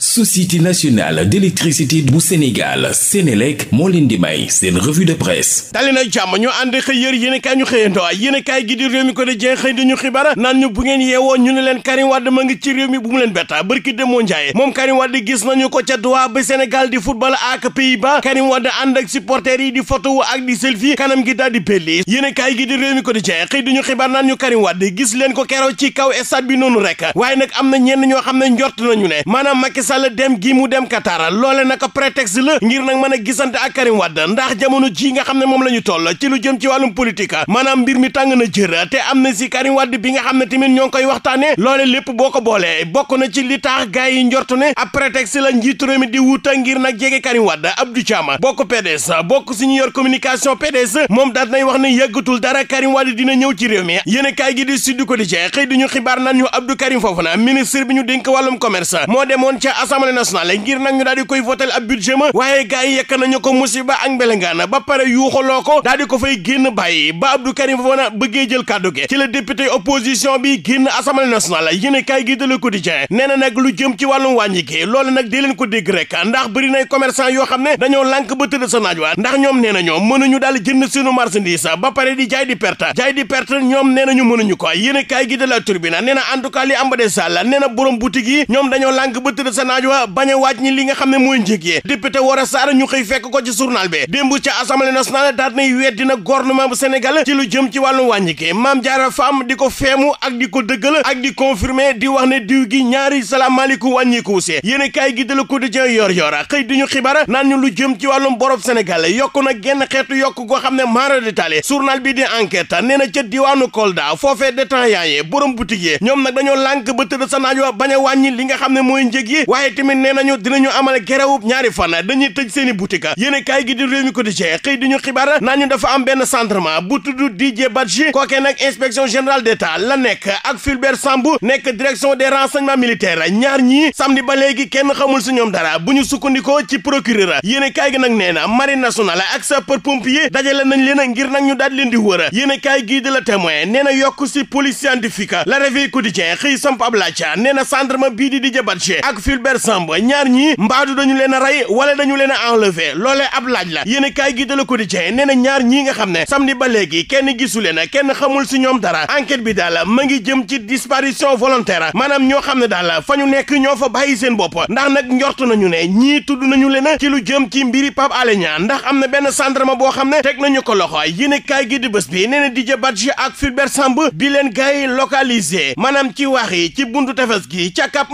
société nationale d'électricité bu Sénégal Sénélec moo leen di may seen revue de presse dali jàmm ñu ànd xëy yër yéen i kaay ñu xëyandoo yéen i kaay gi di réew mi ko di xëy di ñu xibaar naan ñu bu leen ko ca Doha ba Sénégal di football ak Pays-Bas Karim Wade ànd ak supporters yi di photo ak di selfie kanam gi daal di pelli gi di réew mi ko di xëy di ñu xibaar naan ñu Karim Wade gis leen ko keroog ci kaw stade bi noonu rek waaye nag Sall dem gi mu dem Qatar loole naka prétexte la ngir nag mën a gisante ak Karim Wade ndax jamono ji nga xam ne moom la ñu toll ci lu jëm ci wàllum politique maanaam mbir mi tàng na jër te am na si Karim Wade bi nga xam ne tamit ñoo ngi koy waxtaane loole lépp boo ko boolee bokk na ci li tax gars yi njortu ne ab prétexte la njiitu mi di wuta ngir nag jege Karim Wade Abdou Thiam bokk PDS bokk si ñu yor communication PDS moom daal nay wax ne yàggatul dara Karim Wade dina ñëw ci réew mi yéen kaay gi di Sud Quotidien xëy di ñu xibaar naan ñu Abdou Karim Fofana bi ñu dénk wàllum commerce moo demoon ca assemblée nationale ngir nag ñu daal di koy votel ab budget ma waaye gars yi yekk nañu ko musiba ak mbelengaana ba pare yuuxaloo ko daal di ko fay génn bàyyi baa Abdou Karim Fofana bëggee jël kàddu gi ci la député opposition bi génn assemblée nationale yéen kaay gi de Le Quotidien nee na nag lu jëm ci wàllum wàññi gi loolu nag dee leen ko dégg rek ndax bëri nay commerçant yoo xam ne dañoo lànk ba tëdd sa naaj wa ndax ñoom nee na mën mënuñu daal jënd sunu marchandise ba pare di jaay di perte ñoom nee nañu mënuñu ko yéen kaay gi de La Tribune nee na en tout cas li am ba borom boutique yi ñoom dañoo lànk ba naaj wa bañ a ñi li nga xam ne mooy njëg yi député Woré Sarr ñu xëy fekk ko ci journal bi démb ci assemblée nationale daal nay weddi na gouvernement bu Sénégal ci lu jëm ci wàllum wàññi gi Mame Diarra Fam di ko feemu ak di ko dëggal ak di confirmer di wax ne diw gi ñaari salaamaaleykum wàññiku si yéen kaay gi de Le Quotidien yor yor xëy di ñu xibaar naan ñu lu jëm ci wàllum borob Sénégal yokk na genn xeetu yokk goo xam ne maara détaillé journal bi di enquête nee na ca diwaanu Kolda foofee détaillant yi borom boutique yi ñoom dañoo lànk ba tëdd sa naaj wa wàññi li nga xam ne mooy njëg yi waaye tamit nee nañu dinañu amal gerewu ñaari fan dañuy tëj seen i boutique yéen kaay gi di réew xëy di ñu xibaar naa ñu dafa am benn centrement bu tudd Didier Badji kookee nag inspection générale d'État la nekk ak Fulbert Sambou nekk direction des renseignements militaires ñaar ñii samedi ba léegi kenn xamul si ñoom dara bu ñu sukkandikoo ci procureur yéen kaay gi nag nee na marine nationale ak sapeur pompier dajale nañ leen ngir nag ñu daal leen di wër yéen kaay gi di la témoin nee na yokk si police scientifique la réveil quotidien xëy samp ab laaj nee na centrement bii di Didier Badji Fulbert Sambou ñaar ñii mbaadu dañu leen a rey wala dañu leen a enlevé loolee ab laaj la yéen a kaay gi de Le Quotidien nee na ñaar ñii nga xam ne sam ni ba léegi kenn gisu leen kenn xamul si ñoom dara enquête bi daal ma ngi jëm ci disparition volontaire maanaam ñoo xam ne daal fa ñu nekk ñoo fa bàyyi seen bopp ndax nag na ñu ne ñii tudd nañu leen ci lu jëm ci mbiri Pape Alé Niang ndax am na benn gendarme boo xam ne teg nañu ko loxo yéen a gi di bés bi nee na Didier Badji ak Fulbert Sambou bi leen gars yi localisé maanaam ci wax yi ci buntu tefes gi ca Cap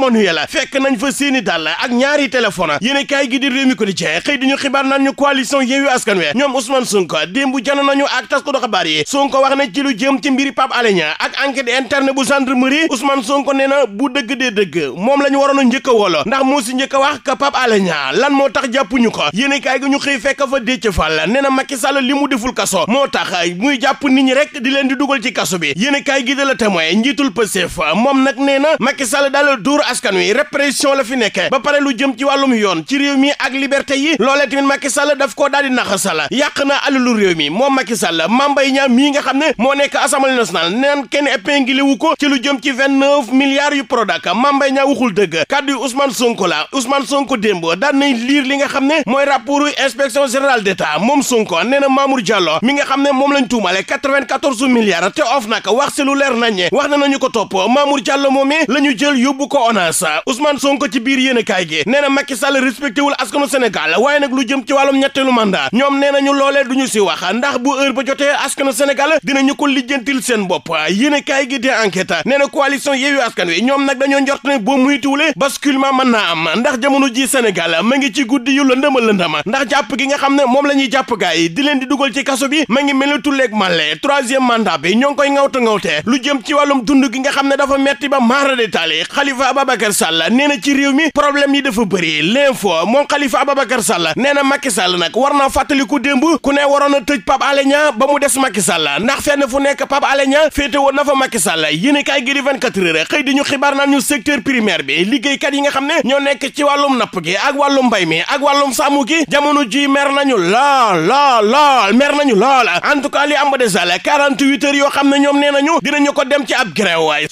seeni dalla ak ñaari téléphone yéen kaay gi di réew mi ko di jeex xëy diñu xibaar naan ñu coalition Yewwi Askan Wi ñoom Ousmane Sonko démb jano nañu ak taskatu xibaar yi Sonko wax na ci lu jëm ci mbiri Pape Alé Niang ak enquête interne bu gendarmerie Ousmane Sonko nee na bu dëgg dee dëgg moom la ñu waroon a njëkk a wolo ndax moo si njëkk a wax ka Pape Alé Niang lan moo tax jàppuñu ko yéen kaay gi ñu xëy fekk fa Déthié Fall nee na Macky Sall li mu deful kaso moo tax muy jàpp nit ñi rek di leen di dugal ci kaso bi yéen kaay gi de la témoin njiitul Pastef moom nag nee na Macky Sall daal dóor askan wi répression la la fi nekkee ba pare lu jëm ci wàllum yoon ci réew mi ak liberté yi loolee tamit Macky Sall daf koo daal di naxasal yàq na alalu réew mi moom Macky Sall mambay ñaam mii nga xam ne moo nekk assemblée nationale neen kenn épinglé ko ci lu jëm ci vingt-neuf milliards yu Prodac mambay ñaa waxul dëgg kàddu yu Ousmane Sonko la Ousmane Sonko démb daan nañ liir li nga xam ne mooy rapportu inspection générale d'État moom Sonko nee na Mamour Diallo mi nga xam ne moom lañ tuumale 94 milliards te of nag wax si lu leer naññe wax na nañu ko topp Mamour Diallo moomee la ñu jël ko ci biir yéenekaay gi nee na Macky Sall respecté wul askanu Sénégal waaye nag lu jëm ci wàllum ñetteelu mandat ñoom nee nañu loolee duñu si wax ndax bu heure ba jotee askanu Sénégal dinañu ko lijjantil seen bopp yéenekaay gi di enquête nee na coalition Yewwi Askan Wi ñoom nag dañoo njort ne boo muytuwulee basculement mën naa am ndax jamono ji Sénégal ma ngi ci guddi yu lëndëma lëndëma ndax jàpp gi nga xam ne moom la ñuy jàpp gaay di leen di dugal ci kaso bi ma ngi mel ni tulleeg màlle troisième mandat bi ñoo ngi koy ŋawta ŋawtee lu jëm ci wàllum dund gi nga xam ne dafa metti ba maara de taali Khalifa Ababacar Sall nee na ci réew mi problème yi dafa bëri l'info moom Khalifa Ababacar Sall nee na Macky Sall nag war naa fàttaliku démb ku ne waroon a tëj Pape Alé Niang ba mu des Macky Sall ndax fenn fu nekk Pape Alé Niang féete woon na fa Macky Sall yéen kaay gi di 24 heures xëy di ñu xibaar naan ñu secteur primaire bi liggéeykat yi xam ne ñoo nekk ci wàllum napp gi ak wàllum mbay mi ak wàllum sàmm gi jamono ji mer nañu lool lool lool mer nañu lool en tout cas li am ba yoo xam ne ñoom nee nañu ko dem ci ab grève waay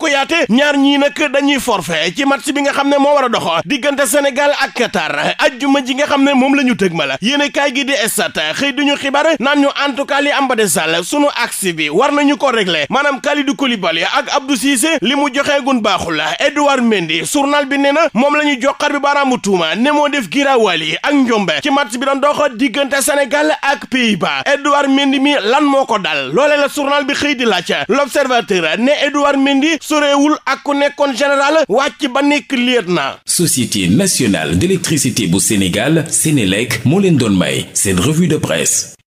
ko Koyaate ñaar ñii nag dañuy forfait ci match bi nga xam ne moo war a dox diggante Sénégal ak Qatar ajjuma ji nga xam ne moom la ñu tëg ma la yéen kaay gi di Stades xëy duñu xibaar naan ñu en tout cas li am ba de sall sunu axe bi war nañu ko régler maanaam Kalidou Koulibaly ak Abdou Cissé li mu joxeegun baaxul la Edouard Mendy journal bi nee na moom la ñu joxar bi baaraamu tuuma ne moo def girawali ak njombe ci match bi doon dox diggante Sénégal ak Pays-Bas Edouard Mendy mi lan moo ko dal loole la journal bi xëy di laaj l'observateur ne Edouard Mendy soreewul ak ku nekkoon général wàcc ba nekk lieutenant. société nationale d'électricité bu Sénégal Sénélec moo leen doon may seen revue de presse.